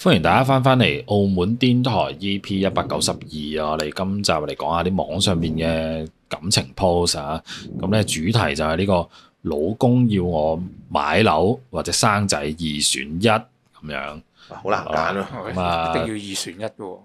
歡迎大家翻返嚟澳門電台 EP 一百九十二啊！我哋今集嚟講下啲網上面嘅感情 post 啊！咁咧主題就係呢個老公要我買樓或者生仔二選一咁樣，好難揀啊！一定要二選一嘅喎。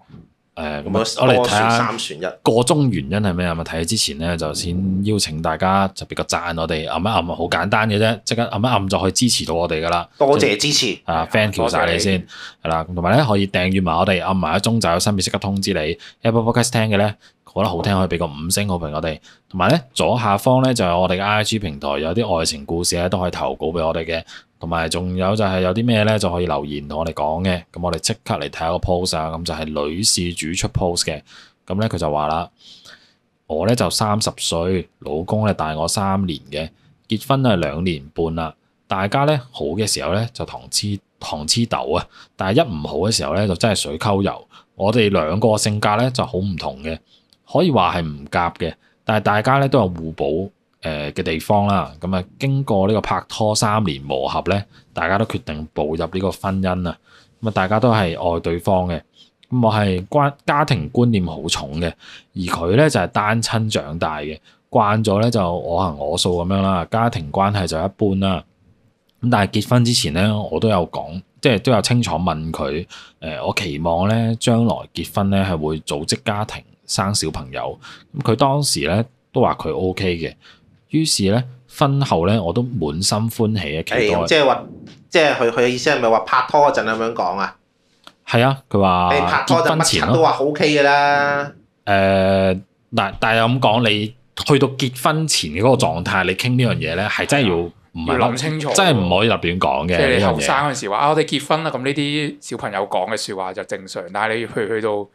誒，我哋睇三選一個中原因係咩啊？咁啊，睇之前咧就先邀請大家、嗯、就俾個讚，我哋按一按啊，好簡單嘅啫，即刻按一按就可以支持到我哋噶啦，多謝支持啊 Thank you 晒你先係啦，同埋咧可以訂閱埋我哋，按埋一鐘就有新片，即刻通知你。Apple Podcast 聽嘅咧，覺得好聽可以俾個五星好評我哋。同埋咧左下方咧就係我哋嘅 IG 平台，有啲愛情故事咧都可以投稿俾我哋嘅。同埋仲有就係有啲咩咧就可以留言同我哋講嘅，咁我哋即刻嚟睇下個 post 啊，咁就係女事主出 post 嘅，咁咧佢就話啦，我咧就三十歲，老公咧大我三年嘅，結婚啊兩年半啦，大家咧好嘅時候咧就糖黐糖黐豆啊，但係一唔好嘅時候咧就真係水溝油，我哋兩個性格咧就好唔同嘅，可以話係唔夾嘅，但係大家咧都有互補。誒嘅地方啦，咁、嗯、啊，經過呢個拍拖三年磨合呢，大家都決定步入呢個婚姻啊。咁啊，大家都係愛對方嘅。咁、嗯、我係關家庭觀念好重嘅，而佢呢，就係、是、單親長大嘅，慣咗呢，就我行我素咁樣啦。家庭關係就一般啦。咁、嗯、但係結婚之前呢，我都有講，即係都有清楚問佢誒、呃，我期望呢，將來結婚呢，係會組織家庭生小朋友。咁、嗯、佢當時呢，都話佢 OK 嘅。於是咧，婚後咧我都滿心歡喜嘅期待。即係話，即係佢佢嘅意思係咪話拍拖嗰陣咁樣講啊？係啊，佢話、哎、你拍拖婚前都話 OK 㗎啦。誒、嗯呃，但但係咁講，你去到結婚前嘅嗰個狀態，你傾呢樣嘢咧，係真係要唔諗清楚，真係唔可以立亂講嘅。即係你後生嗰陣時話啊，我哋結婚啦，咁呢啲小朋友講嘅説話就正常。但係你去去到，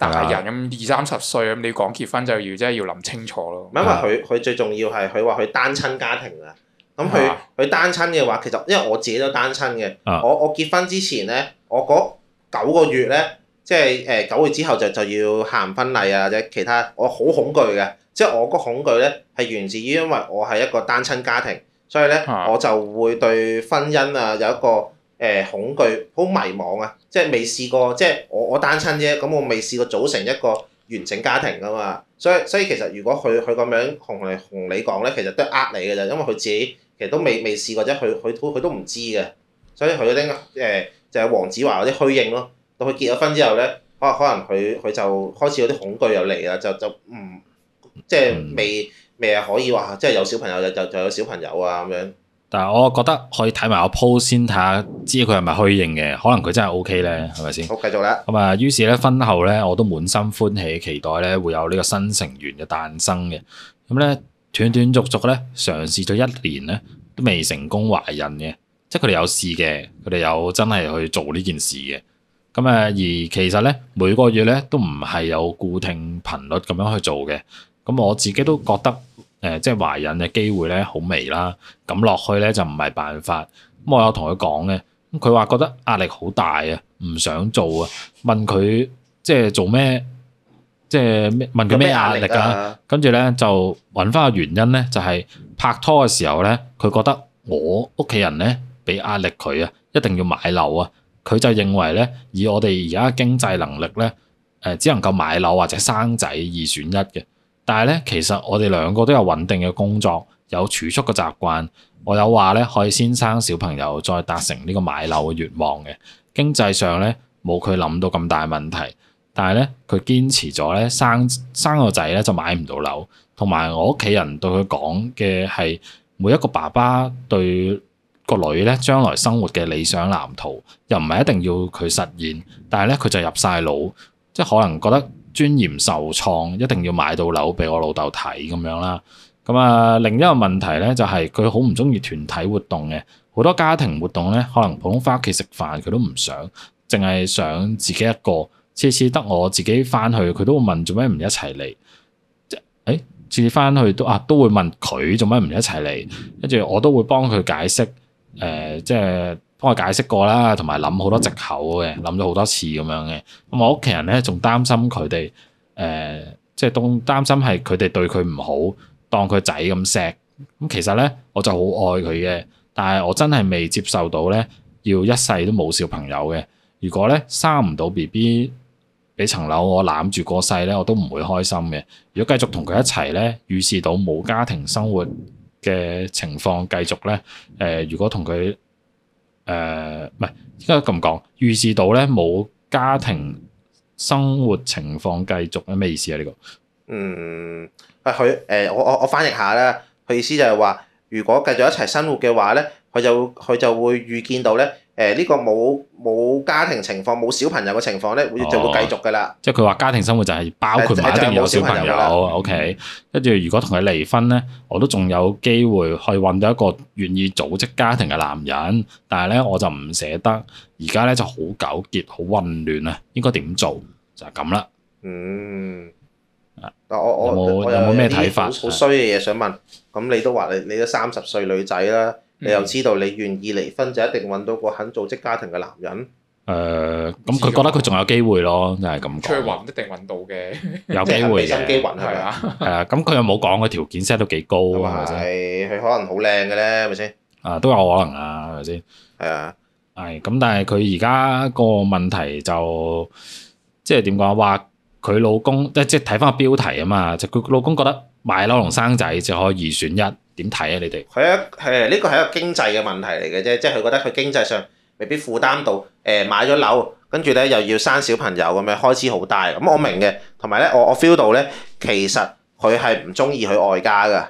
大人咁二三十歲咁，你講結婚就要真係要諗清楚咯。因為佢佢最重要係佢話佢單親家庭啦，咁佢佢單親嘅話，其實因為我自己都單親嘅，啊、我我結婚之前咧，我嗰九個月咧，即係誒九月之後就就要行婚禮啊或者其他，我好恐懼嘅，即係我個恐懼咧係源自於因為我係一個單親家庭，所以咧、啊、我就會對婚姻啊有一個。誒恐懼，好迷茫啊！即係未試過，即係我我單親啫，咁我未試過組成一個完整家庭噶嘛，所以所以其實如果佢佢咁樣同你同你講咧，其實都係呃你嘅啫，因為佢自己其實都未未試過啫，佢佢都佢都唔知嘅，所以佢嗰啲誒就係、是、黃子華嗰啲虛應咯。到佢結咗婚之後咧，可能可能佢佢就開始有啲恐懼入嚟啦，就就唔即係未未係可以話即係有小朋友就就就有小朋友啊咁樣。但係我覺得可以睇埋我 post 先，睇下知佢係咪虛應嘅，可能佢真係 OK 咧，係咪先？好，繼續啦。咁啊，於是咧，婚後咧，我都滿心歡喜，期待咧會有呢個新成員嘅誕生嘅。咁咧，斷斷續續咧，嘗試咗一年咧，都未成功懷孕嘅。即係佢哋有試嘅，佢哋有真係去做呢件事嘅。咁啊，而其實咧，每個月咧都唔係有固定頻率咁樣去做嘅。咁我自己都覺得。誒即係懷孕嘅機會咧，好微啦。咁落去咧就唔係辦法。咁我有同佢講咧，咁佢話覺得壓力好大啊，唔想做啊。問佢即係做咩，即係咩？問佢咩壓力啊？跟住咧就揾翻個原因咧，就係，就係拍拖嘅時候咧，佢覺得我屋企人咧俾壓力佢啊，一定要買樓啊。佢就認為咧，以我哋而家經濟能力咧，誒只能夠買樓或者生仔二選一嘅。但係咧，其實我哋兩個都有穩定嘅工作，有儲蓄嘅習慣。我有話咧，可以先生小朋友再達成呢個買樓嘅願望嘅，經濟上咧，冇佢諗到咁大問題。但係咧，佢堅持咗咧，生生個仔咧就買唔到樓。同埋我屋企人對佢講嘅係每一個爸爸對個女咧，將來生活嘅理想藍圖，又唔係一定要佢實現。但係咧，佢就入晒腦，即係可能覺得。尊嚴受創，一定要買到樓俾我老豆睇咁樣啦。咁啊，另一個問題咧就係佢好唔中意團體活動嘅，好多家庭活動咧，可能普通返屋企食飯佢都唔想，淨係想自己一個。次次得我自己返去，佢都會問做咩唔一齊嚟？即、欸、次次返去都啊都會問佢做咩唔一齊嚟，跟住我都會幫佢解釋誒、呃，即係。幫我解釋過啦，同埋諗好多藉口嘅，諗咗好多次咁樣嘅。咁我屋企人咧仲擔心佢哋，誒、呃，即係當擔心係佢哋對佢唔好，當佢仔咁錫。咁其實咧，我就好愛佢嘅，但係我真係未接受到咧，要一世都冇小朋友嘅。如果咧生唔到 BB，俾層樓我攬住過世咧，我都唔會開心嘅。如果繼續同佢一齊咧，預示到冇家庭生活嘅情況繼續咧，誒、呃，如果同佢。誒，唔係應該咁講，預示到咧冇家庭生活情況繼續，咩意思啊？呢個，嗯，啊佢誒，我我我翻譯下啦，佢意思就係話，如果繼續一齊生活嘅話咧，佢就佢就會預見到咧。誒，呢個冇冇家庭情況冇小朋友嘅情況咧，會就會繼續噶啦。即係佢話家庭生活就係包括埋一定有小朋友。OK，跟住如果同佢離婚咧，我都仲有機會去搵到一個願意組織家庭嘅男人，但係咧我就唔捨得。而家咧就好糾結、好混亂啊，應該點做就係咁啦。嗯。我我有，有我有冇有冇咩睇法？好衰嘅嘢想問。咁你都話你你都三十歲女仔啦。你又知道你願意離婚就一定揾到個肯組織家庭嘅男人。誒，咁佢覺得佢仲有機會咯，就係咁講。出去揾一定揾到嘅，有機會嘅。即係俾心機揾係咪啊？係啊，咁佢又冇講個條件 set 都幾高，咁啊，係佢可能好靚嘅咧，係咪先？啊，都有可能啊，係咪先？係啊，係咁，但係佢而家個問題就即係點講？話佢老公即即睇翻個標題啊嘛，就佢老公覺得買樓同生仔就可以二選一。點睇啊？你哋佢一，誒，呢個係一個經濟嘅問題嚟嘅啫，即係佢覺得佢經濟上未必負擔到誒、欸、買咗樓，跟住咧又要生小朋友，咁樣開支好大。咁我明嘅，同埋咧我我 feel 到咧，其實佢係唔中意去外家㗎，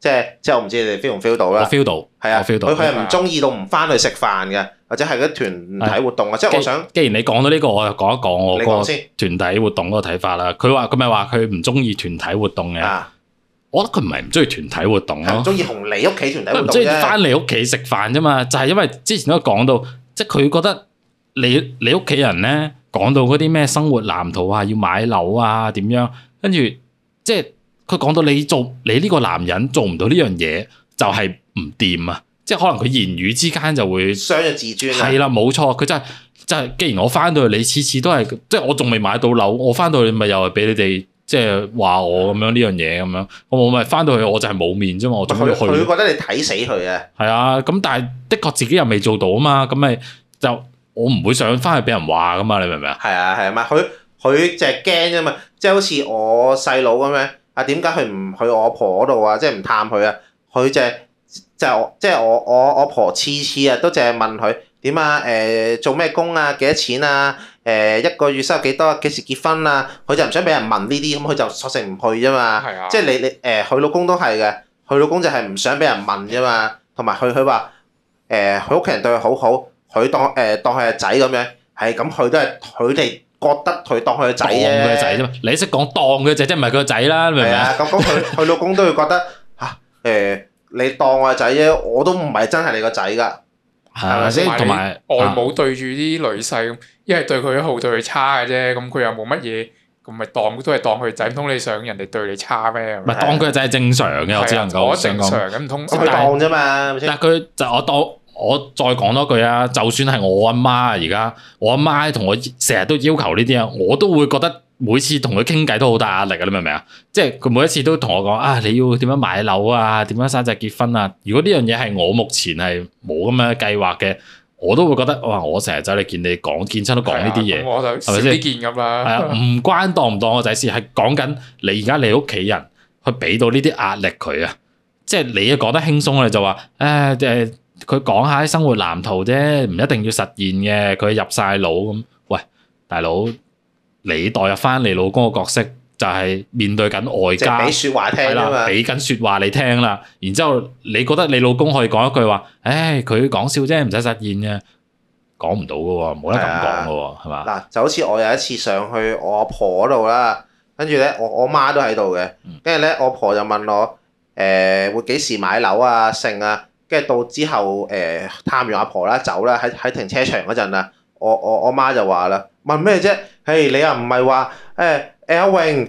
即係即係我唔知你哋 feel 唔 feel 到啦。我 feel 到，係啊，我 feel 到，佢佢係唔中意到唔翻去食飯嘅，或者係嗰啲團體活動啊。的即係我想，既然你講到呢個，我又講一講我個團體活動嗰個睇法啦。佢話佢咪話佢唔中意團體活動嘅。我覺得佢唔係唔中意團體活動咯，中意同你屋企團體活動啫。唔中意翻嚟屋企食飯啫嘛，就係因為之前都講到，即係佢覺得你你屋企人咧講到嗰啲咩生活藍圖啊，要買樓啊點樣，跟住即係佢講到你做你呢個男人做唔到呢樣嘢，就係唔掂啊！即係可能佢言語之間就會傷咗自尊。係啦，冇錯，佢真係即係。既然我翻到去，你次次都係即係我仲未買到樓，我翻到去咪又係俾你哋。即係話我咁樣呢樣嘢咁樣，我咪翻到去我就係冇面啫嘛，我仲要去。佢佢覺得你睇死佢嘅。係啊，咁但係的確自己又未做到啊嘛，咁咪就我唔會想翻去俾人話噶嘛，你明唔明啊？係啊係啊，咪佢佢淨係驚啫嘛，即係好似我細佬咁樣，啊點解佢唔去我婆嗰度啊？即係唔探佢啊？佢淨係、就係即係我我，我婆次次啊都淨係問佢。點啊？誒做咩工啊？幾多錢啊？誒一個月收入幾多？幾時結婚啊？佢就唔想俾人問呢啲，咁佢就索性唔去啫嘛。係啊。即係你你誒，佢老公都係嘅。佢老公就係唔想俾人問啫嘛。同埋佢佢話誒，佢屋企人對佢好好，佢當誒、呃、當佢係仔咁樣。係咁，佢都係佢哋覺得佢當佢係仔佢仔啫嘛。你識講當佢個仔，即係唔係佢個仔啦？你明啊？咁咁，佢佢老公都會覺得嚇誒、 啊，你當我係仔啫，我都唔係真係你個仔噶。係，係咪即係同埋外母對住啲女婿，因為、啊、對佢好，對佢差嘅啫。咁佢又冇乜嘢，咁咪當都係當佢仔，唔通你想人哋對你差咩？唔係、啊、當佢仔係正常嘅、啊啊，我只能夠我正常嘅，唔通佢當啫嘛？但佢就我當。我再講多句啊！就算係我阿媽啊，而家我阿媽同我成日都要求呢啲啊，我都會覺得每次同佢傾偈都好大壓力噶，你明唔明啊？即係佢每一次都同我講啊，你要點樣買樓啊，點樣生仔結婚啊？如果呢樣嘢係我目前係冇咁嘅計劃嘅，我都會覺得哇！我成日走嚟見你講，見親都講呢啲嘢，咪先少啲見咁啦。係啊，唔關當唔當個仔事，係講緊你而家你屋企人去俾到呢啲壓力佢啊！即係你講得輕鬆咧，你就話即誒。唉唉唉佢講下生活藍圖啫，唔一定要實現嘅。佢入晒腦咁。喂，大佬，你代入翻你老公個角色，就係面對緊外家，係啦，俾緊説話你聽啦。然之後你覺得你老公可以講一句話，誒、哎，佢講笑啫，唔使實現嘅，講唔到噶喎，冇得咁講噶喎，係嘛的？嗱吧，就好似我有一次上去我阿婆嗰度啦，跟住咧我我媽都喺度嘅，跟住咧我婆就問我，誒、呃，會幾時買樓啊，剩啊？跟住到之後，誒、呃、探完阿婆啦，走啦，喺喺停車場嗰陣啊，我我我媽就話啦，問咩啫？誒你又唔係話誒阿榮？欸阿榮，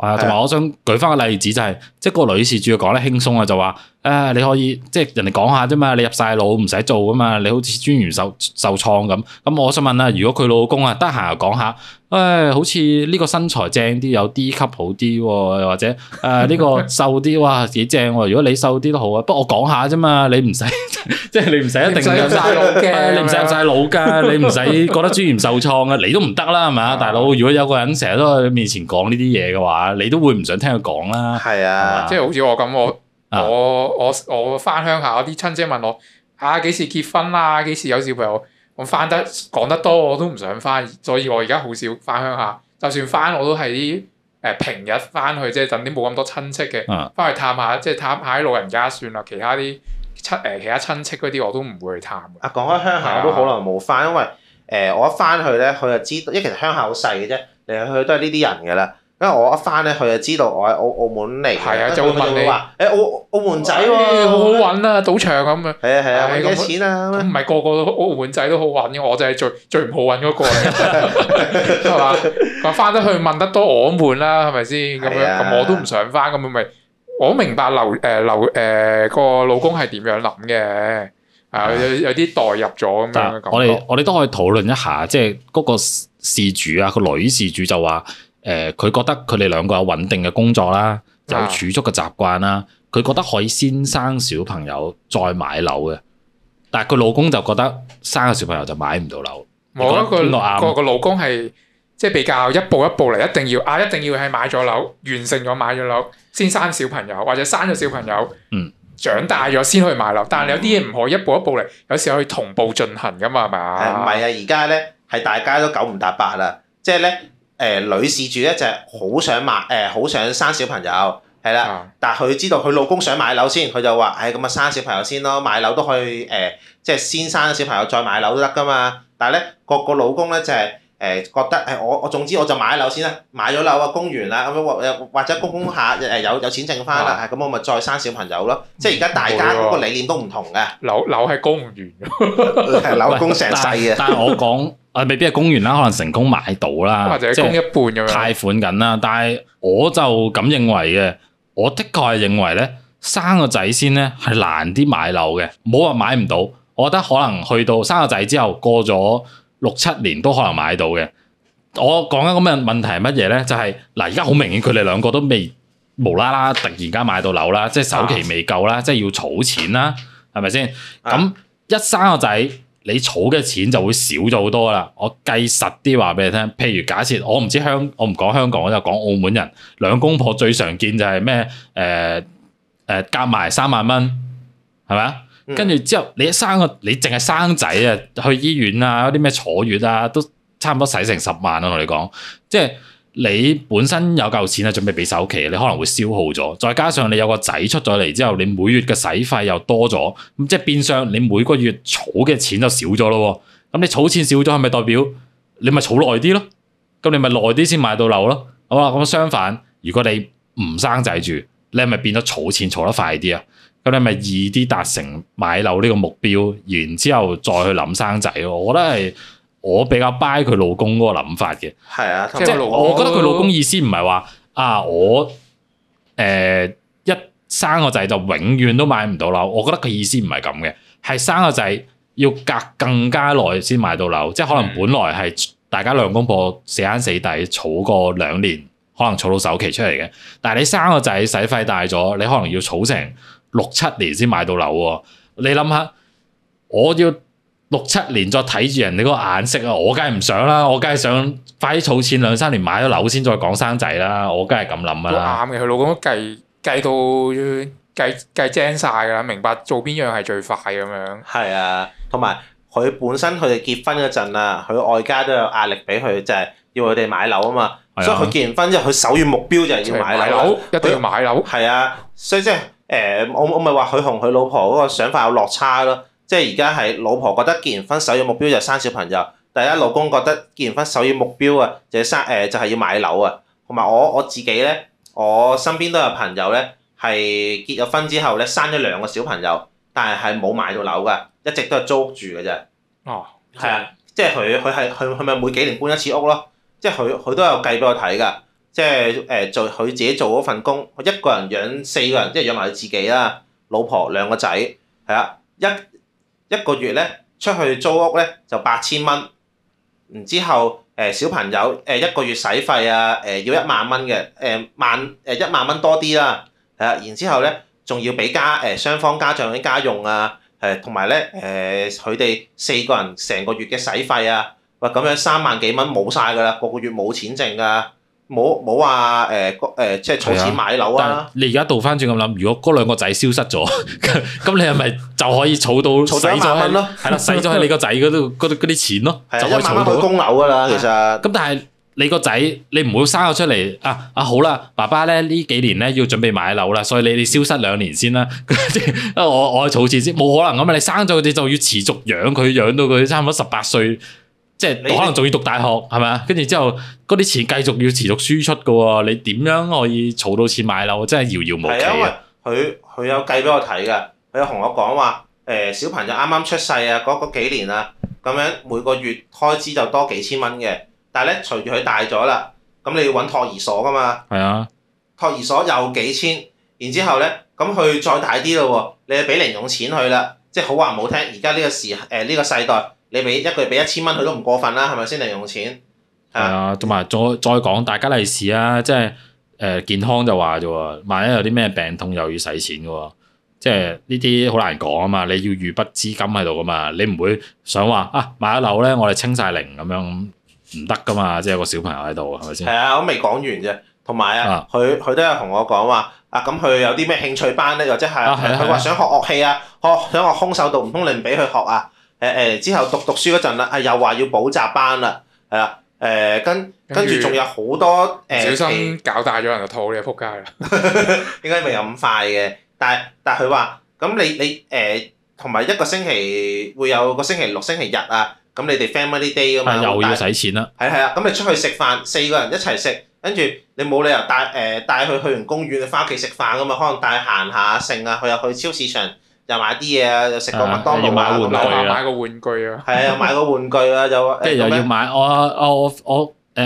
啊，同埋我想舉翻個例子，就係，就係是的 即係個女士主要講得輕鬆啊，就話。誒、啊，你可以即係人哋講下啫嘛，你入晒腦唔使做噶嘛，你好似尊嚴受受創咁。咁、啊、我想問啊，如果佢老公啊得閒又講下，誒、哎，好似呢個身材正啲，有 D 級好啲、啊，又或者誒呢、啊這個瘦啲，哇，幾正！如果你瘦啲都好啊。不過我講下啫嘛，你唔使 即係你唔使一定入晒腦嘅， 你唔使入晒腦噶，你唔使覺得尊嚴受創噶，你都唔得啦，係嘛？大佬，如果有個人成日都喺你面前講呢啲嘢嘅話，你都會唔想聽佢講啦。係啊吧，即係好似我咁我。我我我翻鄉下，啲親戚問我啊幾時結婚啦、啊，幾時有小朋友？我翻得講得多，我都唔想翻，所以我而家好少翻鄉下。就算翻，我都係啲誒平日翻去，即係等啲冇咁多親戚嘅，翻去探下，即係探下啲老人家算啦。其他啲親誒其他親戚嗰啲，我都唔會去探。啊，講開鄉下，啊、我都好耐冇翻，因為誒、呃、我一翻去咧，佢就知道，因為其實鄉下好細嘅啫，嚟去去都係呢啲人嘅啦。因為我一翻咧，佢就知道我喺澳澳門嚟嘅，啊，就會問你話，誒澳、欸、澳門仔喎，好搵啊，賭場咁啊。係啊係啊，揾幾、哎、多錢啊？唔係個個澳門仔都好搵嘅，我就係最最唔好搵嗰個嚟嘅，係嘛？ 話翻得去問得多我，啊，我悶啦，係咪先？咁樣咁我都唔想翻，咁咪我明白劉誒劉誒個老公係、啊、點樣諗嘅，啊有有啲代入咗咁樣。我哋樣我哋都可以討論一下，即係嗰個事主啊，個女事主就話。誒，佢、呃、覺得佢哋兩個有穩定嘅工作啦，有儲蓄嘅習慣啦，佢、啊、覺得可以先生小朋友再買樓嘅。但係佢老公就覺得生個小朋友就買唔到樓。我覺得佢個個個老公係即係比較一步一步嚟，一定要啊，一定要係買咗樓，完成咗買咗樓先生小朋友，或者生咗小朋友，嗯，長大咗先去買樓。嗯、但係有啲嘢唔可以一步一步嚟，有時候可以同步進行噶嘛，係咪？唔係啊，而家咧係大家都九唔搭八啦，即係咧。誒、呃、女事主咧就係、是、好想買，誒、呃、好想生小朋友，係啦。啊、但係佢知道佢老公想買樓先，佢就話：，誒咁啊，生小朋友先咯，買樓都可以誒、呃，即係先生小朋友再買樓都得㗎嘛。但係咧個個老公咧就係誒覺得誒、哎、我我總之我就買樓先啦，買咗樓啊供完啦，咁樣或或者供供下誒、嗯、有有，有錢剩翻啦，咁、啊嗯、我咪再生小朋友咯。即係而家大家嗰個理念都唔同嘅、嗯。樓樓係 供唔完嘅，係老公成世嘅。 但係我講。啊，未必係供完啦，可能成功買到啦，或者供一半咁樣。貸款緊啦，但係我就咁認為嘅，我的確係認為咧，生個仔先咧係難啲買樓嘅，冇話買唔到。我覺得可能去到生個仔之後，過咗六七年都可能買到嘅。我講緊個問問題係乜嘢咧？就係、是、嗱，而家好明顯佢哋兩個都未無啦啦突然間買到樓啦，啊、即係首期未夠啦，即係要儲錢啦，係咪先？咁、啊、一生個仔。你儲嘅錢就會少咗好多啦，我計實啲話俾你聽。譬如假設我唔知香，我唔講香港，我就講澳門人。兩公婆最常見就係咩？誒誒夾埋三萬蚊，係咪？跟住之後你一生個，你淨係生仔啊，去醫院啊，嗰啲咩坐月啊，都差唔多使成十萬啊！同你講，即係。你本身有嚿錢啊，準備俾首期，你可能會消耗咗。再加上你有個仔出咗嚟之後，你每月嘅使費又多咗，咁即係變相你每個月儲嘅錢就少咗咯。咁你儲錢少咗，係咪代表你咪儲耐啲咯？咁你咪耐啲先買到樓咯，係嘛？咁相反，如果你唔生仔住，你係咪變咗儲錢儲得快啲啊？咁你咪易啲達成買樓呢個目標，然之後再去諗生仔咯。我覺得係。我比較 buy 佢老公嗰個諗法嘅，係啊，即係我覺得佢老公意思唔係話啊，我誒、呃、一生個仔就永遠都買唔到樓。我覺得佢意思唔係咁嘅，係生個仔要隔更加耐先買到樓，是的 即係可能本來係大家兩公婆死慳死抵儲個兩年，可能儲到首期出嚟嘅。但係你生個仔使費大咗，你可能要儲成六七年先買到樓。你諗下，我要。六七年再睇住人哋嗰個眼色啊！我梗係唔想啦，我梗係想快啲儲錢兩三年買咗樓先再講生仔啦！我梗係咁諗啊。啱嘅，佢老公都計計到計計精晒噶啦，明白做邊樣係最快咁樣。係啊，同埋佢本身佢哋結婚嗰陣啊，佢外家都有壓力俾佢，就係、是、要佢哋買樓啊嘛。啊所以佢結完婚之後，佢首要目標就係要買樓，買樓他一定要買樓。係啊，所以即係誒，我我咪話佢同佢老婆嗰個想法有落差咯。即係而家係老婆覺得結完婚首要目標就生小朋友，第一，老公覺得結完婚首要目標啊，就係生誒就係要買樓啊，同埋我我自己咧，我身邊都有朋友咧係結咗婚之後咧生咗兩個小朋友，但係係冇買到樓噶，一直都係租屋住嘅啫。哦，係啊，即係佢佢係佢佢咪每幾年搬一次屋咯，即係佢佢都有計俾我睇㗎，即係誒做佢自己做嗰份工，一個人養四個人，嗯、即係養埋佢自己啦，老婆兩個仔，係啊一。一個月咧，出去租屋咧就八千蚊，然之後誒、呃、小朋友誒一個月使費啊誒、呃、要一萬蚊嘅誒萬誒、呃、一萬蚊多啲啦、啊，係啊，然之後咧仲要俾家誒雙、呃、方家長啲家用啊，誒同埋咧誒佢哋四個人成個月嘅使費啊，喂、呃、咁樣三萬幾蚊冇晒㗎啦，個個月冇錢剩㗎、啊。冇冇話誒誒，即係儲錢買樓啊！但你而家倒翻轉咁諗，如果嗰兩個仔消失咗，咁 你係咪就可以儲到使咗？係咯， 使咗喺你個仔嗰度嗰啲錢咯。就可以儲到供樓㗎啦，其實。咁但係你個仔，你唔好生咗出嚟 啊？啊好啦，爸爸咧呢幾年咧要準備買樓啦，所以你哋消失兩年先啦。即 係我我儲錢先，冇可能咁啊！你生咗佢就要持續養佢，養到佢差唔多十八歲。即係你可能仲要讀大學，係咪啊？跟住之後嗰啲錢繼續要持續輸出嘅喎、哦，你點樣可以儲到錢買樓？真係遙遙無期。係佢佢有計俾我睇嘅，佢有同我講話誒，小朋友啱啱出世啊，嗰、那、嗰、個、幾年啊，咁樣每個月開支就多幾千蚊嘅。但係咧，隨住佢大咗啦，咁你要揾托兒所㗎嘛？係啊，托兒所又幾千，然之後咧咁佢再大啲咯喎，你要俾零用錢佢啦。即係好話唔好聽，而家呢個時誒呢、呃這個世代。你俾一個月俾一千蚊佢都唔過分啦，係咪先零用錢？係啊，同埋再再講大家利是啊，即係誒、呃、健康就話啫喎，萬一有啲咩病痛又要使錢嘅喎，即係呢啲好難講啊嘛，你要預筆資金喺度噶嘛，你唔會想話啊買一樓咧，我哋清晒零咁樣唔得噶嘛，即係有個小朋友喺度係咪先？係啊，我未講完啫，同埋啊，佢佢都有同我講話啊，咁佢有啲咩、啊、興趣班咧，又即係佢話想學樂，樂器啊，我想學，學，學，學，學空手道，唔通你唔俾佢學啊？誒誒，之後讀讀書嗰陣啦，啊又話要補習班啦，係啦、啊，誒跟跟住仲有好多誒，著呃、小心搞大咗人個肚、這個肚， 你又撲街啦。應該未咁快嘅，但但佢話咁你你誒同埋一個星期會有個星期六星期日啊，咁你哋 family day 咁啊、嗯，又要使錢啦。係係啊，咁你出去食飯，四個人一齊食，跟住你冇理由帶誒帶佢去去完公園你翻屋企食飯㗎嘛，可能帶佢行下剩啊，去去超市場。又買啲嘢啊，又食個麥當勞買玩具啊，買個玩具啊，係啊，買個玩具啊就，跟住又要買 我我我誒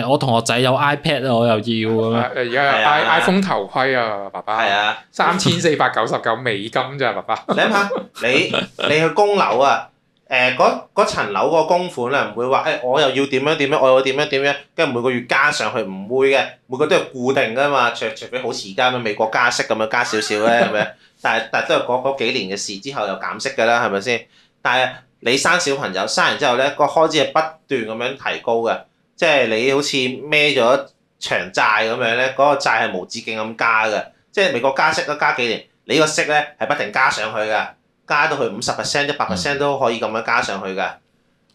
我，我同學仔有 iPad 啊，我又要啊，誒而家 i iPhone、啊、頭盔啊，爸爸，係啊，三千四百九十九美金咋，爸爸， 你諗下，你你去供樓啊，誒嗰嗰層樓個供款啊，唔會話誒我又要點樣點樣，我又要點樣點樣，樣，跟住每個月加上去唔會嘅，每個都係固定㗎嘛，除除非好時間咩美國加息咁樣加少少咧咁樣。是 但係，但係都係嗰嗰幾年嘅事之後又減息嘅啦，係咪先？但係你生小朋友，生完之後咧，個開支係不斷咁樣提高嘅，即係你好似孭咗長債咁樣咧，嗰、個債係無止境咁加嘅，即係美國加息都加幾年，你個息咧係不停加上去嘅，加到去五十 percent、一百 percent 都可以咁樣加上去嘅。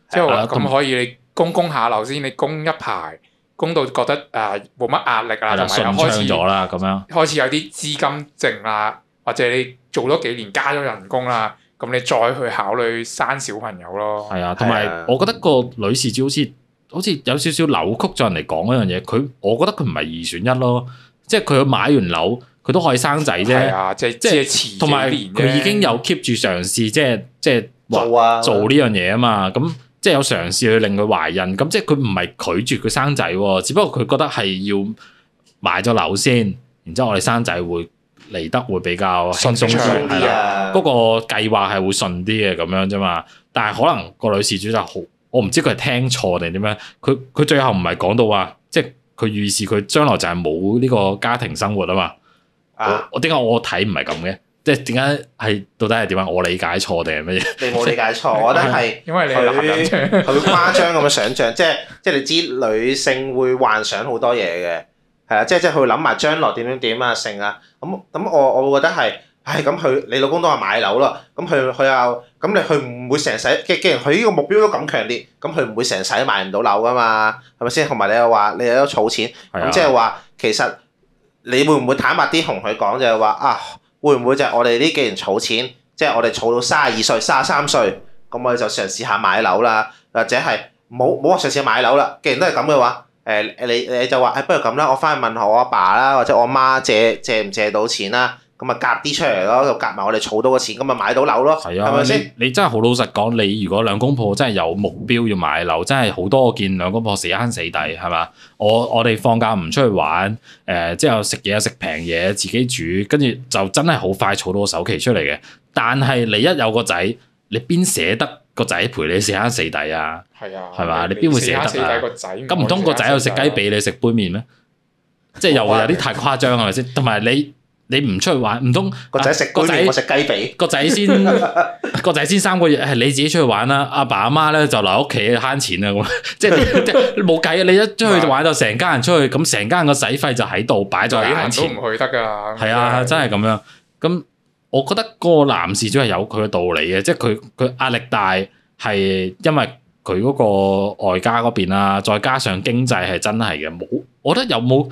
即係話咁可以，你供供下樓先，你供一排，供到覺得誒冇乜壓力啦，同埋、嗯、有開始有啲資金剩啦。或者你做咗幾年加咗人工啦，咁你再去考慮生小朋友咯。係啊，同埋我覺得個女士好似好似有少少扭曲咗人嚟講一樣嘢，佢我覺得佢唔係二選一咯，即係佢買完樓，佢都可以生仔啫。係啊，即係即係遲同埋佢已經有 keep 住嘗試，即係即係做啊做呢樣嘢啊嘛，咁即係有嘗試去令佢懷孕，咁即係佢唔係拒絕佢生仔喎，只不過佢覺得係要買咗樓先，然之後我哋生仔會。嚟得會比較順暢啲啊！嗰個計劃係會順啲嘅咁樣啫嘛，但係可能個女事主就好，我唔知佢係聽錯定點樣。佢佢最後唔係講到話，即係佢預示佢將來就係冇呢個家庭生活啊嘛。我、啊、我點解我睇唔係咁嘅？即係點解係到底係點啊？我理解錯定係乜嘢？你冇理解錯，我覺得係因為佢佢會誇張咁嘅想像， 即係即係你知女性會幻想好多嘢嘅。係啊，即係即係佢諗埋將來點點點啊，成啊，咁咁我我會覺得係，唉，咁佢你老公都話買樓咯。咁佢佢又咁你佢唔會成世，既既然佢呢個目標都咁強烈，咁佢唔會成世都買唔到樓噶嘛，係咪先？同埋你又話你又喺度儲錢，咁即係話其實你會唔會坦白啲同佢講就係話啊，會唔會就係我哋呢幾年儲錢，即係我哋儲到三十二歲、三十三歲，咁我哋就嘗試下買樓啦，或者係冇冇話嘗試買樓啦，既然都係咁嘅話。誒誒、呃，你你就話誒、哎，不如咁啦，我翻去問下我阿爸啦，或者我媽借借唔借到錢啦、啊，咁啊夾啲出嚟咯，就夾埋我哋儲到個錢，咁咪買到樓咯，係啊，係咪先？你真係好老實講，你如果兩公婆真係有目標要買樓，真係好多見兩公婆死慳死抵，係嘛？我我哋放假唔出去玩，誒、呃、之後食嘢啊食平嘢，自己煮，跟住就真係好快儲到首期出嚟嘅。但係你一有個仔，你邊捨得？個仔陪你食下四弟啊，係啊，係嘛？你邊會捨得啊？咁唔通個仔又食雞髀，你食杯麵咩？即係又會有啲太誇張，係咪先？同埋你你唔出去玩，唔通個仔食個仔食雞髀，個仔先個仔先三個月係你自己出去玩啦。阿爸阿媽咧就留喺屋企慳錢啦。咁即係冇計啊！你一出去玩到成家人出去，咁成家人個使費就喺度擺在眼前，都唔去得噶。係啊，真係咁樣咁。我覺得個男士主係有佢嘅道理嘅，即係佢佢壓力大係因為佢嗰個外家嗰邊啦，再加上經濟係真係嘅冇，我覺得有冇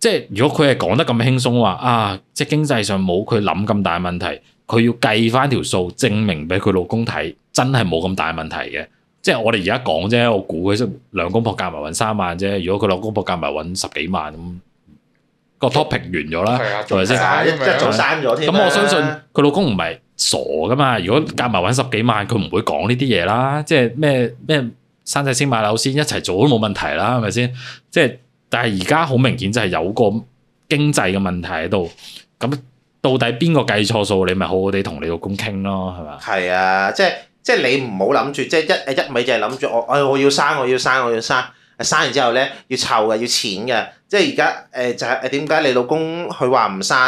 即係如果佢係講得咁輕鬆話啊，即係經濟上冇佢諗咁大問題，佢要計返條數證明俾佢老公睇，真係冇咁大問題嘅。即係我哋而家講啫，我估佢即兩公婆夾埋揾三萬啫，如果佢老公婆夾埋揾十幾萬咁。個 topic 完咗啦，係咪先？吧啊、一早閂咗添。咁我相信佢老公唔係傻㗎嘛。如果夾埋揾十幾萬，佢唔會講呢啲嘢啦。即係咩咩生仔先買樓先，一齊做都冇問題啦，係咪先？即係但係而家好明顯就係有個經濟嘅問題喺度。咁到底邊個計錯數？你咪好好地同你老公傾咯，係咪？係啊，即係即係你唔好諗住，即係一誒一味就係諗住我我要生，我要生，我要生。生完之後咧，要湊嘅，要錢嘅。即係而家，誒、呃、就係誒點解你老公佢話唔生？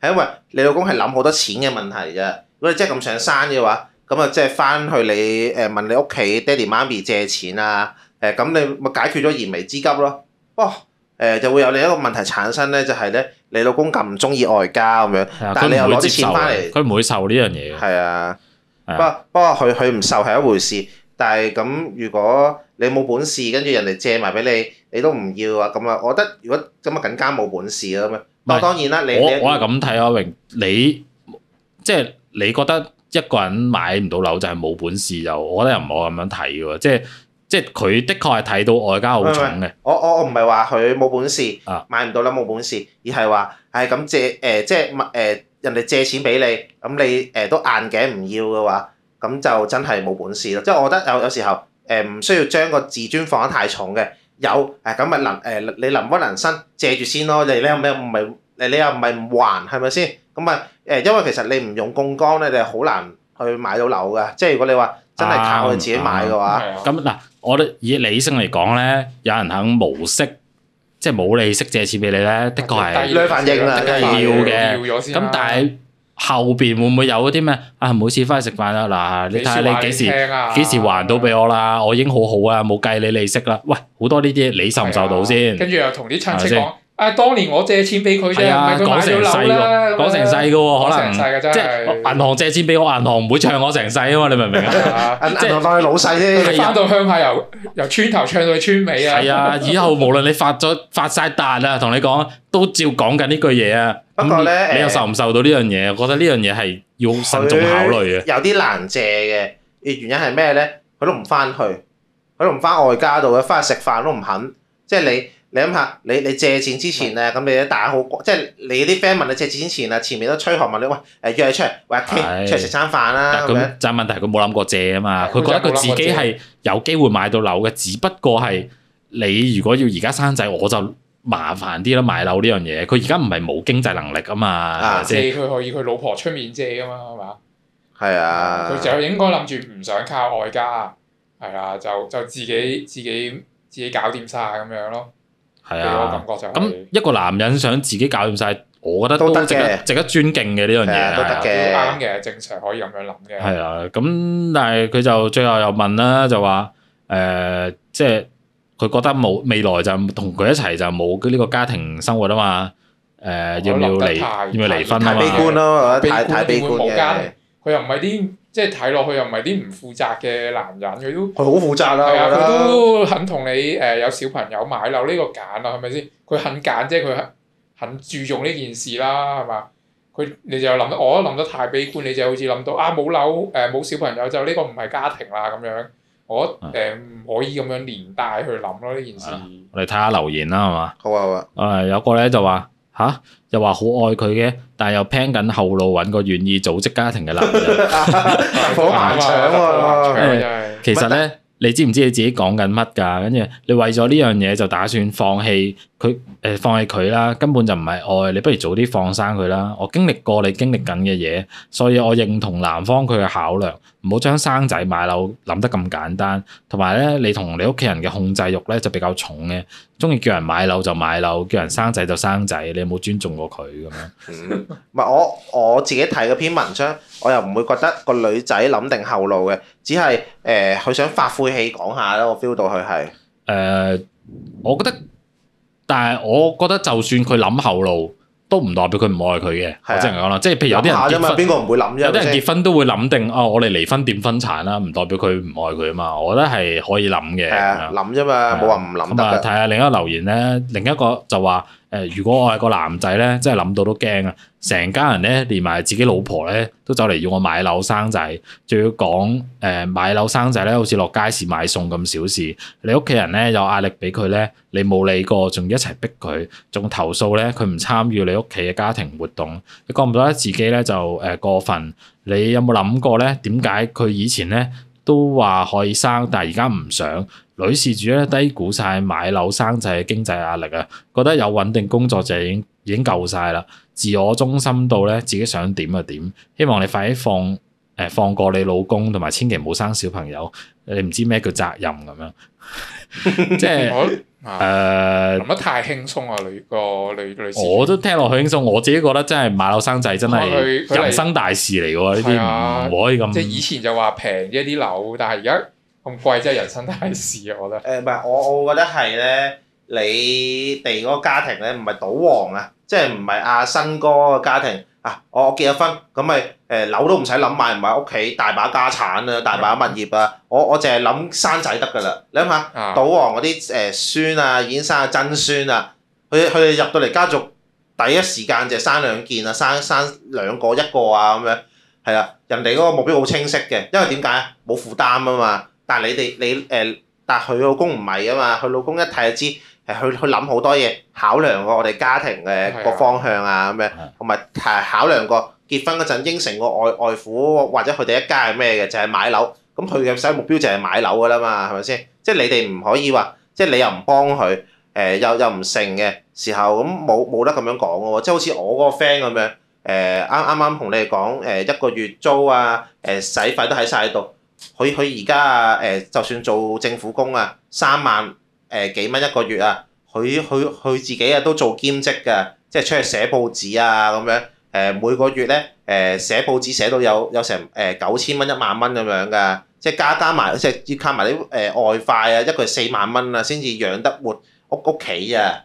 係因為你老公係諗好多錢嘅問題㗎。如果你真係咁想生嘅話，咁啊即係翻去你誒、呃、問你屋企爹哋媽咪借錢啊。誒、呃、咁你咪解決咗燃眉之急咯。哦，誒、呃、就會有另一個問題產生咧，就係、是、咧你老公咁唔中意外交咁樣，啊、但係你又攞啲錢翻嚟，佢唔會，會受呢樣嘢。係啊，啊，啊，不過不過佢佢唔受係一回事。 但係咁，如果你冇本事，跟住人哋借埋俾你，你都唔要嘅話，咁啊，我覺得如果咁啊，更加冇本事咯咁啊。當當然啦，你我我係咁睇啊榮，你即係你覺得一個人買唔到樓就係冇本事就，我覺得又唔好咁樣睇喎。即係即係佢的確係睇到外家好重嘅。我我我唔係話佢冇本事啊，買唔到樓冇本事，而係話係咁借誒，即係誒人哋借錢俾你，咁你誒都硬頸唔要嘅話，咁就真係冇本事咯，即係我覺得有有時候誒唔需要將個自尊放得太重嘅，有誒咁咪能誒你能不能先借住先咯？你你又唔係唔你又唔係唔還係咪先？咁啊誒因為其實你唔用槓桿咧，你好難去買到樓㗎。即係如果你話真係靠你自己買嘅話，咁嗱，我哋以理性嚟講咧，有人肯無息，即係冇利息借錢俾你咧，的確係。但係而家反應啦梗係要嘅，咁但係。後面會唔會有嗰啲咩啊？每次返去食飯啊，嗱，你睇下你幾時幾時還到俾我啦？我已經好好啊，冇計你利息啦。喂，好多呢啲，你受唔受到先？跟住又同啲親戚啊！當年我借錢俾佢，就唔係佢買咗樓啦，講成世噶喎，成可能即係銀行借錢俾我，銀行唔會唱我成世啊嘛！你明唔明啊？ 銀即係當佢老細啫，你翻到鄉下由由村頭唱到村尾啊！係啊！以後無論你發咗發曬達啊，同你講都照講緊呢句嘢啊。不過咧、嗯，你又受唔受到呢樣嘢？我覺得呢樣嘢係要慎重考慮啊。有啲難借嘅原因係咩咧？佢都唔翻去，佢都唔翻外家度嘅，翻去食飯都唔肯，即係你。你諗下，你你借錢之前咧，咁、嗯、你啲打好即係、就是、你啲 friend 問你借錢之前啊，前面都吹寒問你喂，誒約你出嚟，喂唉出嚟食餐飯啦。咁就他問題係佢冇諗過借啊嘛，佢覺得佢自己係有機會買到樓嘅，嗯、只不過係你如果要而家生仔，我就麻煩啲咯買樓呢樣嘢。佢而家唔係冇經濟能力啊嘛，即係佢可以佢老婆出面借啊嘛，係嘛？係是啊，佢就應該諗住唔想靠外家，係啦，就就自己就自己，自己，自，己，自，己自己搞掂晒。咁樣咯。係啊，感覺咁一個男人想自己搞掂晒，我覺得都值得都值得尊敬嘅呢樣嘢。都得嘅，啱嘅，正常可以咁樣諗嘅。係啊，咁但係佢就最後又問啦，就話誒、呃，即係佢覺得冇未來就同佢一齊就冇呢個家庭生活啊嘛。誒、呃，想要唔要離？太要唔要離婚啊？嘛太，悲觀咯，太太悲觀嘅。佢又唔係啲即係睇落去又唔係啲唔負責嘅男人，佢都佢好負責啦。係啊，佢都肯同你誒有小朋友買樓呢個揀啊，係咪先？佢肯揀，即係佢肯注重呢件事啦，係嘛？佢，你就諗，我都諗得太悲觀，你就好似諗到啊冇樓誒冇、呃、小朋友就呢個唔係家庭啦咁樣。我誒唔的、嗯、可以咁樣連帶去諗咯呢件事。我哋睇下留言啦，係嘛、啊？好啊好、嗯、啊！誒有個咧就話吓？又話好愛佢嘅。但係又 plan 緊後路，搵個願意組織家庭嘅男人，好難搶喎。其實呢，你知唔知你自己講緊乜噶？跟住你為咗呢樣嘢就打算放棄佢，誒、呃，放棄佢啦，根本就唔係愛。你不如早啲放生佢啦。我經歷過你經歷緊嘅嘢，所以我認同男方佢嘅考量。唔好將生仔、買樓諗得咁簡單，同埋咧，你同你屋企人嘅控制欲咧就比較重嘅，中意叫人買樓就買樓，叫人生仔就生仔，你有冇尊重過佢咁樣？唔係 我我自己睇嗰篇文章，我又唔會覺得個女仔諗定後路嘅，只係誒佢想發晦氣講下啦，我 feel 到佢係誒，我覺得，但係我覺得就算佢諗後路。都唔代表佢唔愛佢嘅，係，我之前講啦，即係譬如有啲人結婚，會有啲人結婚都會諗定啊、哦，我哋離婚點分產啦，唔代表佢唔愛佢啊嘛，我覺得係可以諗嘅。係諗啫嘛，冇話唔諗得㗎。睇下另一個留言咧，另一個就話。誒、呃，如果我係個男仔咧，真係諗到都驚啊！成家人咧，連埋自己老婆咧，都走嚟要我買樓生仔，仲要講誒、呃、買樓生仔咧，好似落街市買餸咁小事。你屋企人咧，有壓力俾佢咧，你冇理過，仲一齊逼佢，仲投訴咧，佢唔參與你屋企嘅家庭活動。你覺唔覺得自己咧就誒、呃、過分？你有冇諗過咧？點解佢以前咧都話可以生，但係而家唔想？女事主咧低估晒買樓生仔嘅經濟壓力啊，覺得有穩定工作就已經已經夠晒啦，自我中心到咧自己想點就點，希望你快啲放誒放過你老公，同埋千祈冇生小朋友，你唔知咩叫責任咁樣。即係誒諗得太輕鬆啊，女個女女事主我都聽落去輕鬆，我自己覺得真係買樓生仔真係人生大事嚟喎，呢啲唔可以咁。即係、啊就係、以前就話平啫啲樓，但係而家。咁貴真係人生大事啊、欸！我覺得誒唔係我我覺得係咧，你哋嗰個家庭咧唔係賭王啊，即係唔係阿新哥個家庭啊？我，我結咗婚咁咪誒樓都唔使諗買唔買屋企大把家產啊，大把、啊、物業啊！我我淨係諗生仔得噶啦！你諗下賭王嗰啲誒孫啊，已經生咗曾孫啊，佢佢哋入到嚟家族第一時間就係生兩件啊，生生兩個一個啊咁樣，係啊，人哋嗰個目標好清晰嘅，因為點解啊？冇負擔啊嘛～但係你哋你誒，但係佢老公唔係啊嘛，佢老公一睇就知，誒，去佢諗好多嘢，考量過我哋家庭嘅個方向啊咁樣，同埋誒考量過結婚嗰陣應承過外外父或者佢哋一家係咩嘅，就係買樓，咁佢嘅首要目標就係買樓㗎啦嘛，係咪先？即係你哋唔可以話，即係你又唔幫佢，誒又又唔成嘅時候，咁冇冇得咁樣講喎？即係好似我嗰個 friend 咁樣，誒啱啱啱同你哋講，誒一個月租啊，誒使費都喺晒度。佢佢而家啊誒，就算做政府工啊，三萬誒幾蚊一個月啊，佢佢佢自己啊都做兼職嘅，即係出去寫報紙啊咁樣。誒、呃、每個月咧誒、呃、寫報紙寫到有有成誒、呃、九千蚊一萬蚊咁樣㗎，即係加加埋即係要靠埋啲誒外快啊，一個月四萬蚊啊先至養得活屋屋企啊。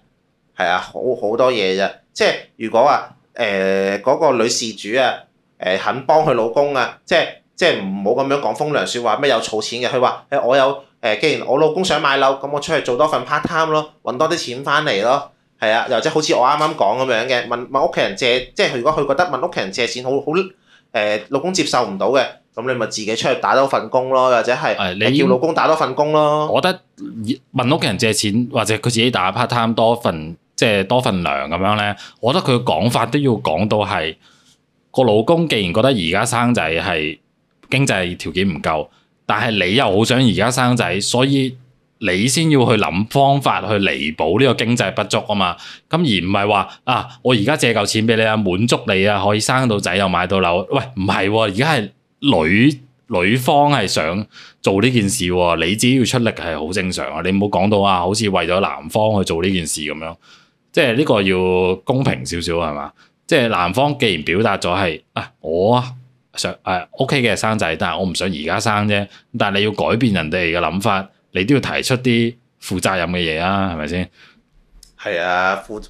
係啊，好好多嘢咋。即係如果啊，誒、呃、嗰、那個女事主啊誒、呃、肯幫佢老公啊，即係。即係唔好咁樣講風涼說話，咩有儲錢嘅？佢話誒我有誒，既然我老公想買樓，咁我出去做多份 part time 咯，揾多啲錢翻嚟咯。係啊，又或者好似我啱啱講咁樣嘅，問問屋企人借，即係如果佢覺得問屋企人借錢好好誒、哎，老公接受唔到嘅，咁你咪自己出去打多份工咯，或者係你要老公打多份工咯。你我覺得問屋企人借錢或者佢自己打 part time 多份，即係多份糧咁樣咧，我覺得佢嘅講法都要講到係個老公，既然覺得而家生仔係。經濟條件唔夠，但係你又好想而家生仔，所以你先要去諗方法去彌補呢個經濟不足啊嘛。咁而唔係話啊，我而家借嚿錢俾你啊，滿足你啊，可以生到仔又買到樓。喂，唔係、啊，而家係女女方係想做呢件事、啊，你自己要出力係好正常啊。你唔好講到啊，好似為咗男方去做呢件事咁樣，即係呢個要公平少少係嘛？即係男方既然表達咗係啊我啊。想誒 OK 嘅生仔，但係我唔想而家生啫。但係你要改變人哋嘅諗法，你都要提出啲負責任嘅嘢啊，係咪先？係啊，負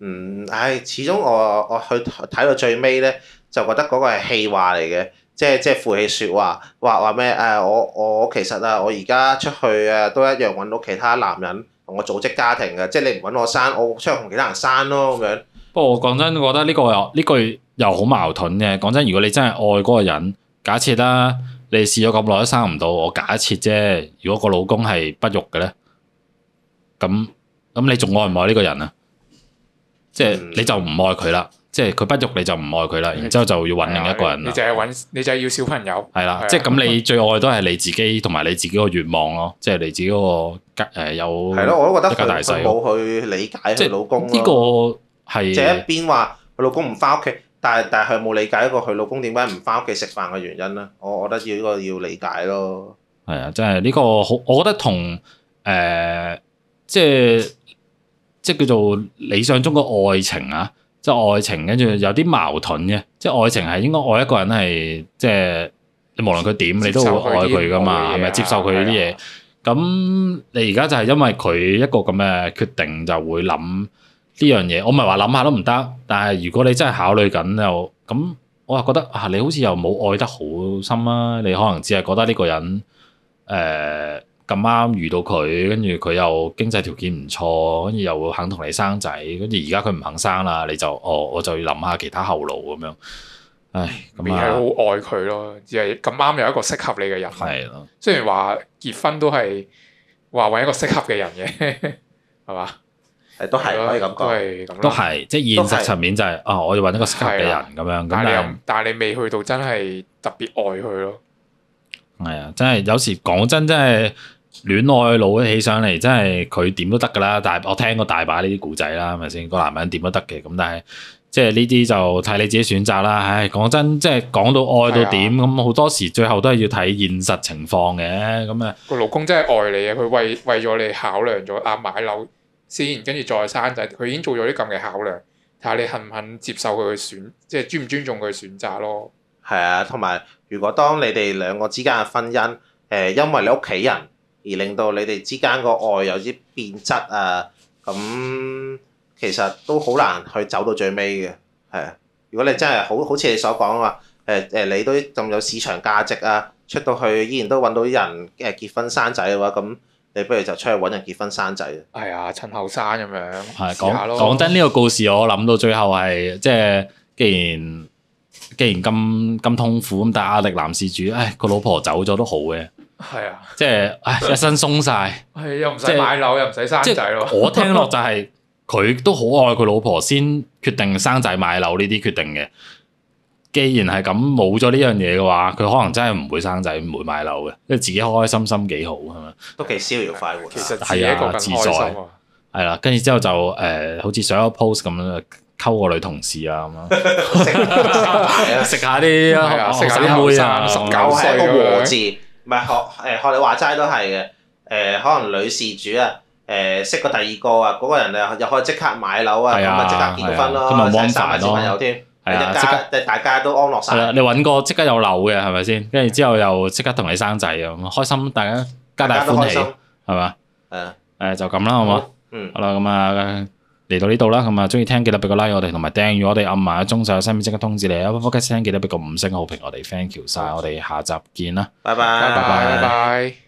嗯，唉、哎，始終我我去睇到最尾咧，就覺得嗰個係氣話嚟嘅，即係即係負氣説話，話話咩誒？我我其實啊，我而家出去誒、啊、都一樣揾到其他男人同我組織家庭嘅，即係你唔揾我生，我出去同其他人生咯、啊、咁樣。不過我講真，覺得呢個又呢句又好矛盾嘅。講真，如果你真係愛嗰個人，假設啦，啊，你試咗咁耐都生唔到，我假設啫。如果個老公係不育嘅咧，咁咁你仲愛唔愛呢個人啊？即係你就唔愛佢啦，即係佢不育你就唔愛佢啦，然之後就要揾另一個人。你就係你就係要小朋友。係啦，即係咁，你最愛都係你自己同埋你自己個願望咯，即係你自己個誒、呃、有係咯，我都覺得佢冇去理解即係老公咯。係即是一邊話佢老公唔翻屋企，但係但係佢冇理解一個佢老公點解唔翻屋企食飯嘅原因咧。我我覺得要呢個要理解咯。係啊，即係呢個好，我覺得同誒、呃、即係即係叫做理想中嘅愛情啊，即係愛情，跟住有啲矛盾嘅，即係愛情係應該愛一個人係即係你無論佢點，你都會愛佢噶嘛，係咪的接受佢啲嘢？咁你而家就係因為佢一個咁嘅決定就會諗。呢樣嘢，我唔係話諗下都唔得，但係如果你真係考慮緊又咁，我又覺得啊，你好似又冇愛得好深啊，你可能只係覺得呢個人誒咁啱遇到佢，跟住佢又經濟條件唔錯，跟住又肯同你生仔，跟住而家佢唔肯生啦，你就哦，我就要諗下其他後路咁樣。唉，咁係好愛佢咯，只係咁啱有一個適合你嘅人。係咯的，雖然話結婚都係話搵一個適合嘅人嘅，係 嘛？誒，都係，可以咁講，都係都係，即係現實層面就係、是，是哦，我要揾一個適合嘅、啊、人咁樣。咁但係，但你，但你未去到真係特別愛佢咯。係啊，真係有時講真戀，真係戀愛腦起上嚟，真係佢點都得噶啦。但係我聽過大把呢啲故仔啦，係咪先個男人點都得嘅？咁但係，即係呢啲就睇你自己選擇啦。唉、哎，講真，即係講到愛到點，咁好、啊、多時最後都係要睇現實情況嘅。咁啊，個老公真係愛你啊，佢為為咗你考量咗啊，買樓。先，跟住再生仔，佢已經做咗啲咁嘅考量，睇下你肯唔肯接受佢嘅選，即係尊唔尊重佢嘅選擇咯。係啊，同埋如果當你哋兩個之間嘅婚姻，誒、呃、因為你屋企人而令到你哋之間個愛有啲變質啊，咁、嗯、其實都好難去走到最尾嘅。係、嗯、啊，如果你真係好好似你所講啊嘛，誒、呃、你都仲有市場價值啊，出到去依然都揾到啲人誒結婚生仔嘅話，咁、嗯。你不如就出去搵人結婚生仔啊！係啊、哎，趁後生咁樣是試下咯。講講真呢、呢個故事，我諗到最後係即係，既然既然咁咁痛苦，咁但係壓力男事主，唉，個老婆走咗都好嘅。係啊，即係、就是、唉，一身鬆晒，係 又唔使買樓，就是、又唔使、就是、生仔咯。 我聽落就係、是、佢都好愛佢老婆，先決定生仔買樓呢啲決定嘅。既然係咁，冇咗呢樣嘢嘅話，佢可能真係唔會生仔，唔會買樓嘅，因為自己開開心心幾好啊嘛，都幾逍遙快活。其實係一個自在。係啦，跟住之後就誒，好似上一個 post 咁樣，溝個女同事啊咁樣，食下啲，食下妹啊，九係個和字，唔係學誒學你話齋都係嘅。誒，可能女事主啊，誒識個第二個啊，嗰個人誒又可以即刻買樓啊，咁咪即刻結婚咯，成生埋小朋友添。係啊！即刻，刻刻刻大家都安樂晒的。啦，你搵個即刻有樓嘅，係咪先？跟住之後又即刻同你生仔啊！開心，大家皆大歡喜，係嘛？係啊！誒吧，的就咁啦，好冇？嗯？嗯。好啦，咁啊嚟到呢度啦，咁啊中意聽記得俾個 like 我哋，同埋訂閱我哋，暗埋個鐘就喺身即刻通知你。啊，Apple Podcast 記得俾個五星好評我哋 thank you 晒，謝謝嗯、我哋下集見啦，拜拜，拜拜，拜拜。